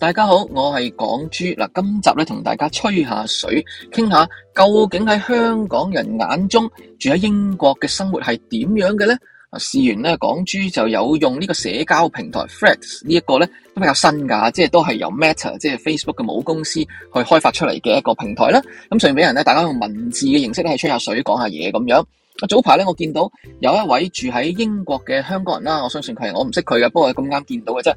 大家好，我係港珠嗱，今集咧同大家吹下水，傾下究竟喺香港人眼中住喺英國嘅生活係點樣嘅咧？啊，試完咧，港珠就有用呢個社交平台 Threads 呢一個咧都比較新噶即係都係由 Meta 即係 Facebook 嘅母公司去開發出嚟嘅一個平台啦。咁順便俾人咧，大家用文字嘅形式咧係吹下水，講下嘢咁樣。早排咧我見到有一位住喺英國嘅香港人啦，我相信佢係我唔識佢嘅，不過咁啱見到嘅啫。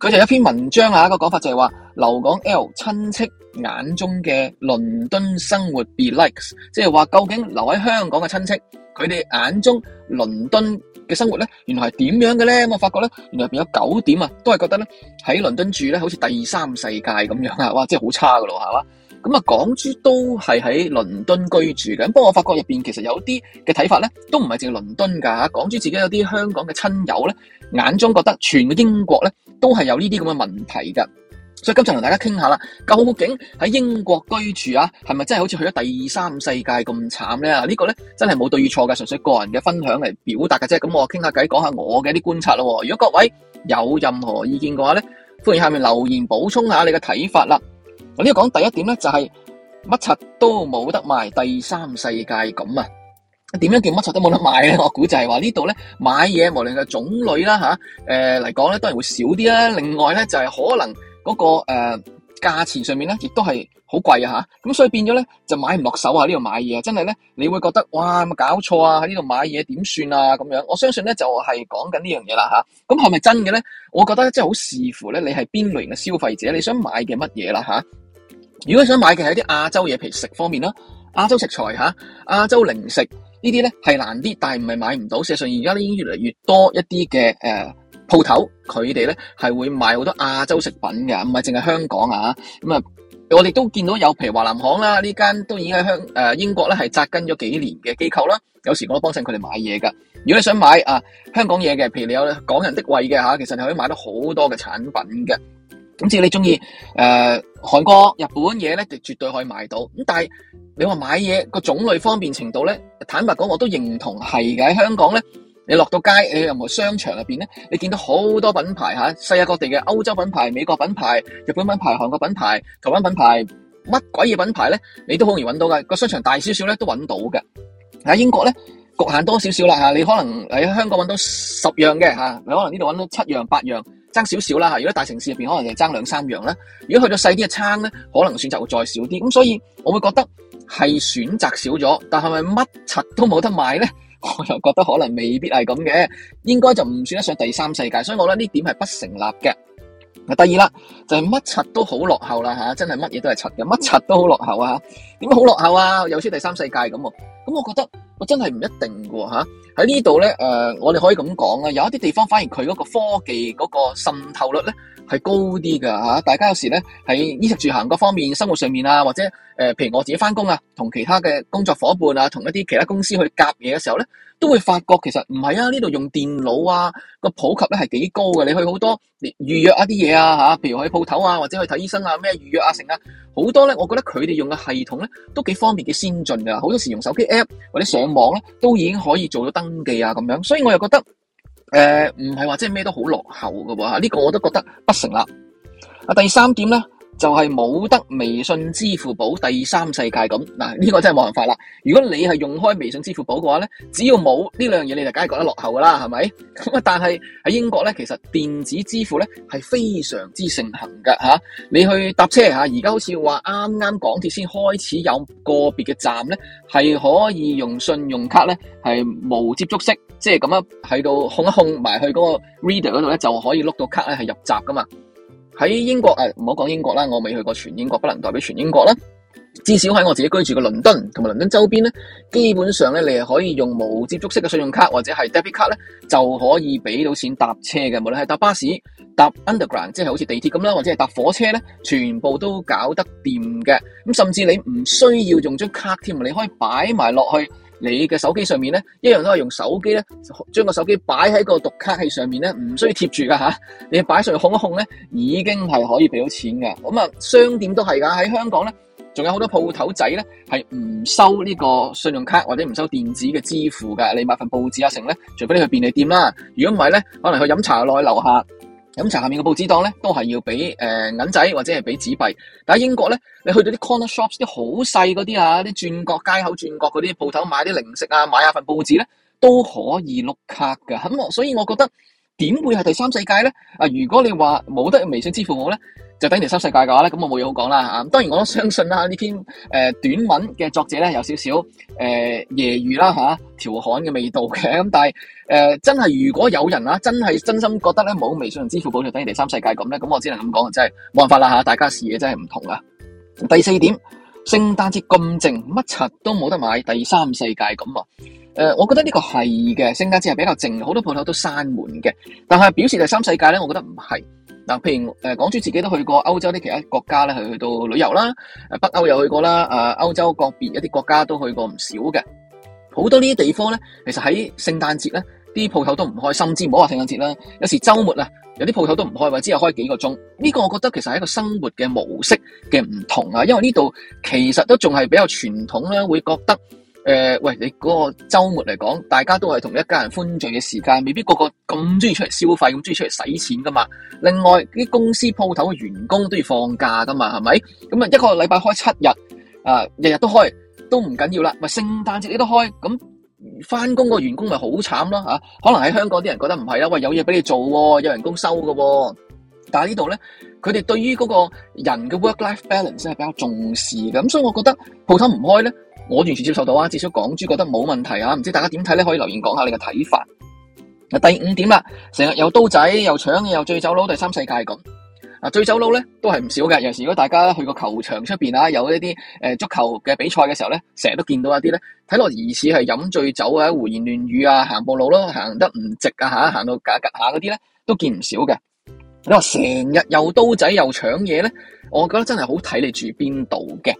佢就有一篇文章啊，一個講法就係話，留港 L 親戚眼中嘅倫敦生活 be likes，即係話究竟留喺香港嘅親戚，佢哋眼中倫敦嘅生活呢，原來係點樣嘅呢？我發覺呢，原來入邊有九點啊，都係覺得呢，喺倫敦住呢，好似第三世界咁樣啊！哇，真係好差噶咯，係嘛？咁啊，港豬都係喺倫敦居住嘅，不過我發覺入面其實有啲嘅睇法咧，都唔係淨係倫敦㗎嚇。港豬自己有啲香港嘅親友咧，眼中覺得全個英國咧都係有呢啲咁嘅問題㗎。所以今次同大家傾下啦，究竟喺英國居住啊，係咪真係好似去咗第三世界咁慘咧？這個、呢個咧真係冇對與錯㗎，純粹個人嘅分享嚟表達嘅啫。咁我傾下偈，講下我嘅啲觀察咯。如果各位有任何意見嘅話咧，歡迎下面留言補充下你嘅睇法啦。我呢個講第一點咧，就是，就係乜柒都冇得賣，第三世界咁啊。點樣叫乜柒都冇得賣咧？我估就係話呢度咧買嘢，無論嘅種類啦吓，誒嚟講咧，當然會少啲啦。另外咧就係可能嗰、那個誒、呃、價錢上面咧，亦都係好貴啊吓。咁所以變咗咧就買唔落手啊！呢度買嘢啊真係咧你會覺得哇，有冇搞錯啊！喺呢度買嘢點算啊？咁樣我相信咧就係講緊呢樣嘢啦吓。咁係咪真嘅咧？我覺得即係好視乎咧，你係邊類型嘅消費者，你想買嘅乜嘢啦吓。如果你想買嘅係啲亞洲嘢，譬如食方面啦，亞洲食材嚇，亞洲零食呢啲咧係難啲，但係唔係買唔到。事實上而家已經越嚟越多一啲嘅誒鋪頭，佢哋咧係會賣好多亞洲食品嘅，唔係淨係香港呀，咁啊，嗯、我哋都見到有譬如華南行啦，呢間都已經喺香誒英國咧係扎根咗幾年嘅機構啦。有時我都幫襯佢哋買嘢噶。如果你想買啊香港嘢嘅，譬如你有港人的胃嘅、啊、其實你可以買到好多嘅產品嘅。咁、嗯、至於你中意誒韓國、日本嘢咧，就絕對可以買到。咁但係你話買嘢個種類方便程度咧，坦白講我都認同係嘅。喺香港咧，你落到街，你任何商場入面咧，你見到好多品牌嚇、啊，世界各地嘅歐洲品牌、美國品牌、日本品牌、韓國品牌、台灣品牌，乜鬼嘢品牌咧，你都好容易揾到㗎。個商場大少少咧，都揾到嘅。喺英國咧，局限多少少啦嚇。你可能喺香港揾到十樣嘅、啊、你可能呢度揾到七樣八樣。爭少少啦吓，如果大城市入邊可能就爭兩三樣啦，如果去到細啲嘅餐咧，可能選擇會再少啲，咁所以我會覺得係選擇少咗，但係咪乜柒都冇得買咧？我又覺得可能未必係咁嘅，應該就唔算得上第三世界，所以我覺得呢點係不成立嘅。第二啦，就係乜柒都好落後啦吓，真係乜嘢都係柒嘅，乜柒都好落後啊，點解好落後啊？又說第三世界咁，咁我覺得。我真係唔一定喎。喺、啊、呢度咧，誒、呃，我哋可以咁講啊，有一啲地方反而佢嗰個科技嗰個滲透率咧係高啲㗎、啊。大家有時咧喺衣食住行各方面生活上面啊，或者誒、呃，譬如我自己翻工啊，同其他嘅工作伙伴啊，同一啲其他公司去夾嘢嘅時候咧，都會發覺其實唔係啊，呢度用電腦啊，個普及咧係幾高嘅。你去好多你預約一啲嘢啊嚇、啊，譬如去鋪頭啊，或者去睇醫生啊咩預約啊成啊，好多咧，我覺得佢哋用嘅系統咧都幾方便幾先進嘅。好多時用手機 app 或者上。網咧都已經可以做到登記啊，咁樣，所以我又覺得，誒、呃，唔係話即係咩都好落後嘅，喎，吓呢個我都覺得不成立。啊，第三點咧。就係、是、冇得微信、支付寶第三世界咁嗱，呢、這個真係冇辦法啦。如果你係用開微信、支付寶嘅話咧，只要冇呢兩樣嘢，你就梗係覺得落後噶啦，係咪？咁啊，但係喺英國咧，其實電子支付咧係非常之盛行噶、嚇、你去搭車嚇，而家好似話啱啱港鐵先開始有個別嘅站咧，係可以用信用卡咧，係無接觸式，即係咁樣，喺度控一控埋去嗰個 reader 嗰度咧，就可以碌到卡咧係入閘噶嘛。喺英國啊，唔好講英國啦，我未去過全英國，不能代表全英國啦。至少喺我自己居住嘅倫敦同埋倫敦周邊咧，基本上咧，你係可以用無接觸式嘅信用卡或者係 debit card 咧，就可以俾到錢搭車嘅。無論係搭巴士、搭 underground，即係好似地鐵咁啦，或者係搭火車咧，全部都搞得掂嘅。咁甚至你唔需要用張卡添，你可以擺埋落去，你嘅手機上面咧，一樣都係用手機咧，將個手機擺喺個讀卡器上面咧，唔需要貼住噶嚇，你擺上去控一控咧，已經係可以俾到錢嘅。咁啊，商店都係㗎，喺香港咧，仲有好多鋪頭仔咧係唔收呢個信用卡或者唔收電子嘅支付㗎。你買份報紙啊，剩咧，除非你去便利店啦，如果唔係咧，可能去飲茶落去樓下。飲茶下面嘅報紙檔咧，都係要俾誒、呃、銀仔或者係俾紙幣。但喺英國咧，你去到啲 corner shops，啲好細嗰啲啊，啲轉角街口轉角嗰啲鋪頭買啲零食啊，買下份報紙咧，都可以碌卡噶。咁我所以，我覺得點會係第三世界咧？啊，如果你話冇得微信支付我咧，就等於第三世界嘅話咧，咁我冇嘢好講啦嚇。當然我都相信啦，呢篇誒短文嘅作者咧有少少誒揶揄啦嚇，調侃嘅味道嘅。咁但係誒真係如果有人啦，真係真心覺得咧冇微信同支付寶就等於第三世界咁咧，咁我，我、啊呃啊呃、我只能咁講，真係冇辦法啦嚇。大家視野真係唔同啊。第四點，聖誕節咁靜，乜柒都冇得買，第三世界咁啊？誒、呃，我覺得呢個係嘅，聖誕節係比較靜，好多鋪頭都閂門嘅，但係表示第三世界咧，我覺得唔係。嗱，譬如港珠自己都去過歐洲啲其他國家咧，去到旅遊啦，北歐又去過啦，誒歐洲各別一啲國家都去過唔少嘅，好多呢啲地方咧，其實喺聖誕節咧，啲鋪頭都唔開，甚至唔好話聖誕節啦，有時週末啊，有啲鋪頭都唔開，或者開幾個鐘。呢、這個我覺得其實係一個生活嘅模式嘅唔同啊，因為呢度其實都仲係比較傳統咧，會覺得。誒、呃，喂！你嗰個周末嚟講，大家都係同一家人歡聚嘅時間，未必個個咁中意出嚟消費，咁中意出嚟使錢噶嘛？另外，啲公司鋪頭嘅員工都要放假噶嘛？係咪？咁啊，一個禮拜開七日，啊、呃，日日都開都唔緊要啦。咪聖誕節你都開，咁返工個員工咪好慘咯？吓、啊，可能喺香港啲人覺得唔係啦，喂，有嘢俾你做、哦，有人工收喎、哦。但係呢度咧，佢哋對於嗰個人嘅 work life balance 係比較重視嘅。咁所以我覺得鋪頭唔開咧。我完全接受到啊，至少港珠覺得冇問題啊，唔知大家點睇咧？可以留言講下你嘅睇法。嗱，第五點啦，成日又刀仔又搶嘢又醉酒佬，第三世界咁。嗱，醉酒佬咧都係唔少嘅。有時如果大家去個球場出邊啊，有一啲足球嘅比賽嘅時候咧，成日都見到一啲咧，睇落疑似係飲醉酒啊、胡言亂語啊、行步路咯、行得唔直啊、行到格格下嗰啲咧，都見唔少嘅。你話成日又刀仔又搶嘢咧，我覺得真係好睇你住邊度嘅。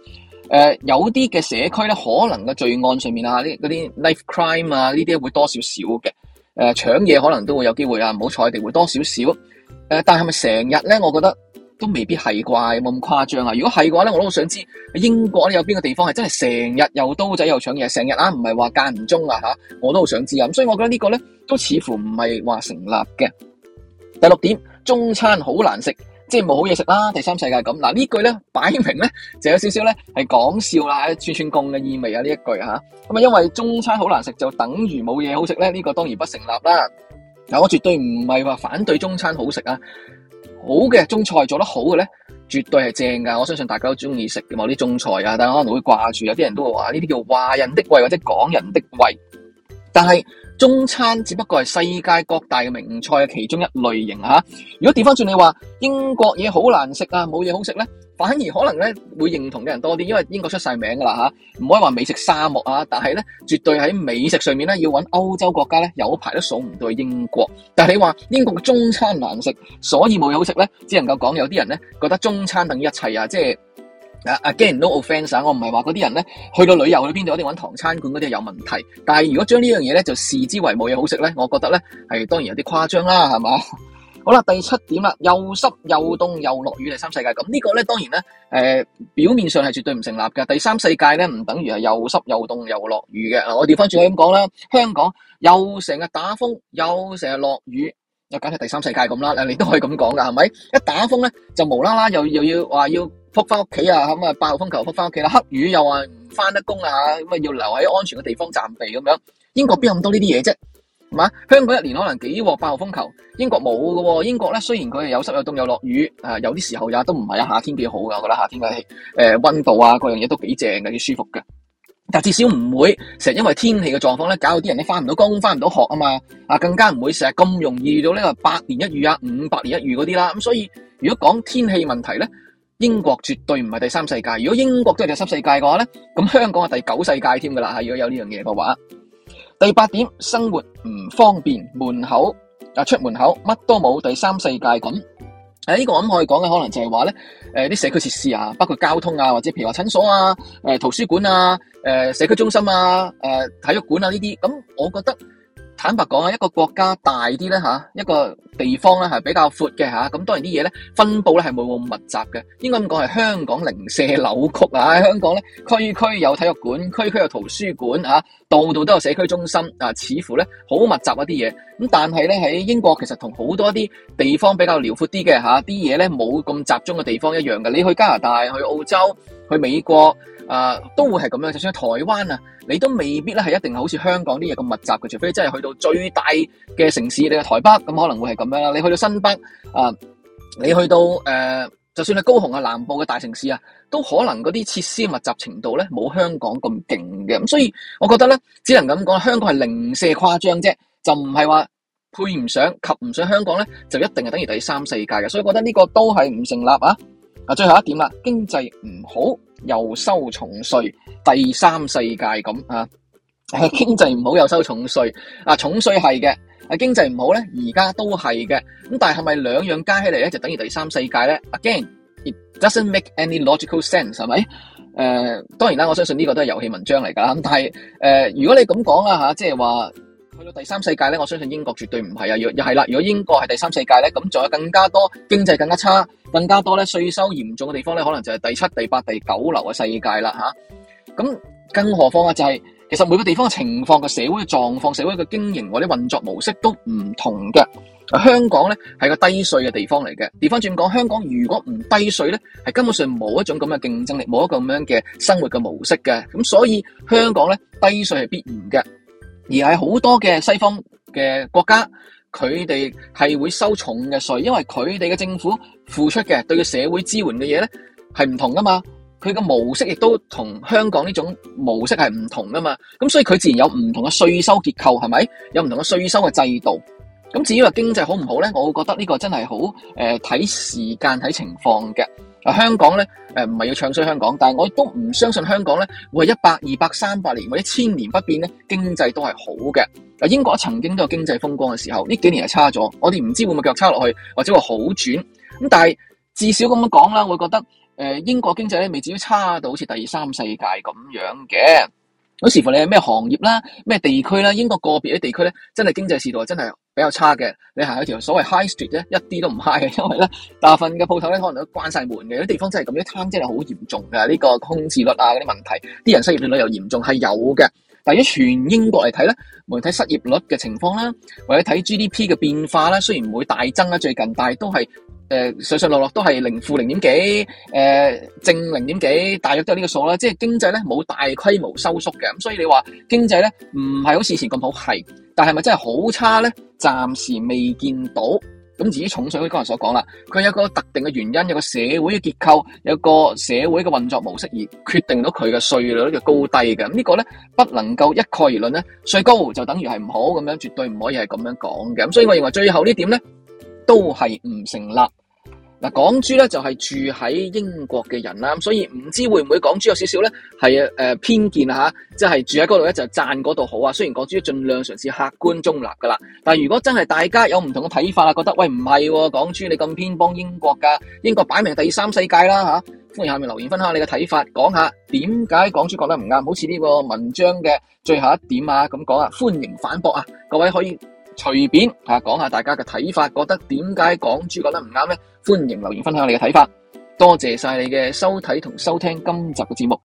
誒、呃，有啲嘅社區咧，可能嘅罪案上面啊，呢嗰啲 life crime 啊，呢啲會多少少嘅。誒、呃，搶嘢可能都會有機會啊，唔好彩一定會多少少。誒、呃，但係咪成日咧？我覺得都未必係啩，冇咁誇張啊。如果係嘅話咧，我都好想知英國有邊個地方係真係成日又刀仔又搶嘢，成日啊，唔係話間唔中啊吓，我都好想知啊。所以我覺得個呢個咧都似乎唔係話成立嘅。第六點，中餐好難食。即係冇好嘢食啦，第三世界咁。嗱，呢句咧，擺明咧就有少少咧係講笑啦，串串貢嘅意味啊呢一句吓，咁啊因為中餐好難食就等於冇嘢好食咧，呢、呢個當然不成立啦。嗱，我絕對唔係話反對中餐好食啊，好嘅中菜做得好嘅咧，絕對係正噶。我相信大家都中意食嘅嘛，啲中菜啊，但係可能會掛住有啲人都會話呢啲叫華人的胃或者港人的胃，但係。中餐只不過係世界各大嘅名菜其中一類型吓。如果掉返轉，你話英國嘢好難食啊，冇嘢好食咧，反而可能咧會認同嘅人多啲，因為英國出晒名噶啦吓，唔可以話美食沙漠啊。但係咧絕對喺美食上面咧，要搵歐洲國家咧有排都數唔到英國。但係你話英國嘅中餐難食，所以冇嘢好食咧，只能夠講有啲人咧覺得中餐等於一切啊，即係。啊！Again，no offence，我唔係話嗰啲人咧，去到旅遊去邊度一定揾唐餐館嗰啲有問題。但係如果將呢樣嘢咧就視之為冇嘢好食咧，我覺得咧係當然有啲誇張啦，係嘛？好啦，第七點啦，又濕又凍又落雨第三世界。咁呢個咧當然咧，誒表面上係絕對唔成立嘅。第三世界咧唔、這個呃、等於係又濕又凍又落雨嘅。嗱，我調翻轉可以咁講啦，香港又成日打風，又成日落雨，又梗係第三世界咁啦。你都可以咁講噶，係咪？一打風咧就無啦啦又又要話要。復翻屋企啊！咁啊，八號風球復翻屋企啦，黑雨又話唔翻得工啊，咁啊要留喺安全嘅地方暫避咁樣。英國邊有咁多呢啲嘢啫？係嘛？香港一年可能幾鑊八號風球，英國冇喎。英國咧雖然佢係有濕有凍有落雨，啊有啲時候也都唔係啊夏天幾好噶，我覺得夏天嘅氣誒溫度啊各樣嘢都幾正嘅，幾舒服嘅。但至少唔會成日因爲天氣嘅狀況咧，搞到啲人咧翻唔到工，翻唔到學啊嘛。啊更加唔會成日咁容易到呢個百年一遇啊，五百年一遇嗰啲啦。咁所以如果講天氣問題咧。英國絕對唔係第三世界，如果英國都係第三世界嘅話咧，咁香港係第九世界添噶啦吓，如果有呢樣嘢嘅話。第八點，生活唔方便，門口啊出門口乜都冇，第三世界咁。誒、這、呢個我咁可以講嘅可能就係話咧，誒、呃、啲社區設施啊，包括交通啊，或者譬如話診所啊，誒、呃、圖書館啊，誒、呃、社區中心啊，誒、呃、體育館啊呢啲，咁我覺得坦白講啊，一個國家大啲咧吓，一個，地方咧係比較闊嘅嚇，咁當然啲嘢咧分布咧係冇咁密集嘅，應該咁講係香港零舍扭曲啊！喺香港咧，區區有體育館，區區有圖書館啊，度度都有社區中心啊，似乎咧好密集一啲嘢。咁但係咧喺英國，其實同好多啲地方比較遼闊啲嘅嚇，啲嘢咧冇咁集中嘅地方一樣嘅。你去加拿大、去澳洲、去美國啊，都會係咁樣。就算喺台灣啊，你都未必咧係一定係好似香港啲嘢咁密集嘅，除非真係去到最大嘅城市，你嘅台北咁可能會係咁。啊、你去到新北啊，你去到誒、啊，就算係高雄啊，南部嘅大城市啊，都可能嗰啲設施密集程度咧冇香港咁勁嘅，咁所以我覺得咧，只能咁講，香港係零舍誇張啫，就唔係話配唔上及唔上香港咧，就一定係等於第三世界嘅，所以我覺得呢個都係唔成立啊。啊，最後一點啊，經濟唔好又收重稅，第三世界咁啊，啊，經濟唔好又收重稅啊，重稅係嘅。係經濟唔好咧，而家都係嘅。咁但係係咪兩樣加起嚟咧就等於第三世界咧？Again，it doesn't make any logical sense，係咪？誒、呃，當然啦，我相信呢個都係遊戲文章嚟噶。咁但係誒、呃，如果你咁講啊吓，即係話去到第三世界咧，我相信英國絕對唔係啊，又又係啦。如果英國係第三世界咧，咁仲有更加多經濟更加差、更加多咧稅收嚴重嘅地方咧，可能就係第七、第八、第九流嘅世界啦吓。咁、啊、更何況啊，就係、是。其實每個地方嘅情況、嘅社會嘅狀況、社會嘅經營或者運作模式都唔同嘅。香港咧係個低稅嘅地方嚟嘅。調返轉講，香港如果唔低稅咧，係根本上冇一種咁嘅競爭力，冇一個咁樣嘅生活嘅模式嘅。咁所以香港咧低稅係必然嘅，而係好多嘅西方嘅國家，佢哋係會收重嘅稅，因為佢哋嘅政府付出嘅對個社會支援嘅嘢咧係唔同噶嘛。佢個模式亦都同香港呢種模式係唔同啊嘛，咁所以佢自然有唔同嘅稅收結構，係咪有唔同嘅稅收嘅制度？咁至於話經濟好唔好咧，我會覺得呢個真係好誒睇、呃、時間睇情況嘅。啊，香港咧誒唔係要唱衰香港，但係我亦都唔相信香港咧會係一百、二百、三百年或者千年不變咧經濟都係好嘅。啊，英國曾經都有經濟風光嘅時候，呢幾年係差咗，我哋唔知會唔會腳差落去，或者話好轉咁。但係至少咁樣講啦，我會覺得。誒英國經濟咧，未至於差到好似第三世界咁樣嘅。咁視乎你係咩行業啦，咩地區啦。英國個別嘅地區咧，濟真係經濟市道真係比較差嘅。你行一條所謂 high street 咧，一啲都唔 high 嘅，因為咧大部分嘅鋪頭咧，可能都關晒門嘅。有啲地方真係咁樣，攤真係好嚴重嘅。呢、這個空置率啊，嗰啲問題，啲人失業率又嚴重係有嘅。但係如果全英國嚟睇咧，無論睇失業率嘅情況啦，或者睇 GDP 嘅變化啦，雖然唔會大增啦最近，但係都係。誒、呃，上上落落都係零負零點幾，誒、呃，正零點幾，大約都係呢個數啦。即係經濟咧冇大規模收縮嘅，咁所以你話經濟咧唔係好似以前咁好，係，但係咪真係好差咧？暫時未見到。咁至於重稅，剛才所講啦，佢有個特定嘅原因，有個社會嘅結構，有個社會嘅運作模式而決定到佢嘅稅率嘅高低嘅。咁呢個咧不能夠一概而論咧，稅高就等於係唔好咁樣，絕對唔可以係咁樣講嘅。咁所以我認為最後點呢點咧。都係唔成立。嗱，港豬咧就係住喺英國嘅人啦，咁所以唔知會唔會港豬有少少咧係誒偏見吓，即係住喺嗰度咧就讚嗰度好啊。雖然港豬盡量嘗試客觀中立噶啦，但係如果真係大家有唔同嘅睇法啊，覺得喂唔係喎，港豬你咁偏幫英國噶，英國擺明第三世界啦吓。歡迎下面留言分享你嘅睇法，講下點解港豬覺得唔啱，好似呢個文章嘅最後一點啊咁講啊，歡迎反駁啊，各位可以。隨便嚇講下，大家嘅睇法，覺得點解港豬講得唔啱呢？歡迎留言分享你嘅睇法。多謝晒你嘅收睇同收聽今集嘅節目。